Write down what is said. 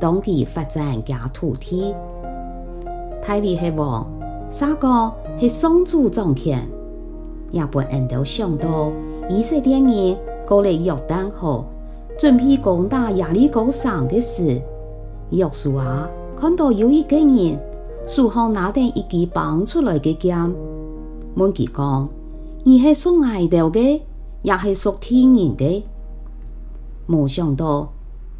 當地發展加土地，台灣黑話，三個是雙足中田，也不人都想到，以色列人過來約旦後，準備攻打亞力哥山的事。約書亞看到有一個人，樹後拿着一根拔出來嘅劍，問佢講：你是屬外頭嘅，也係屬天然嘅？沒想到。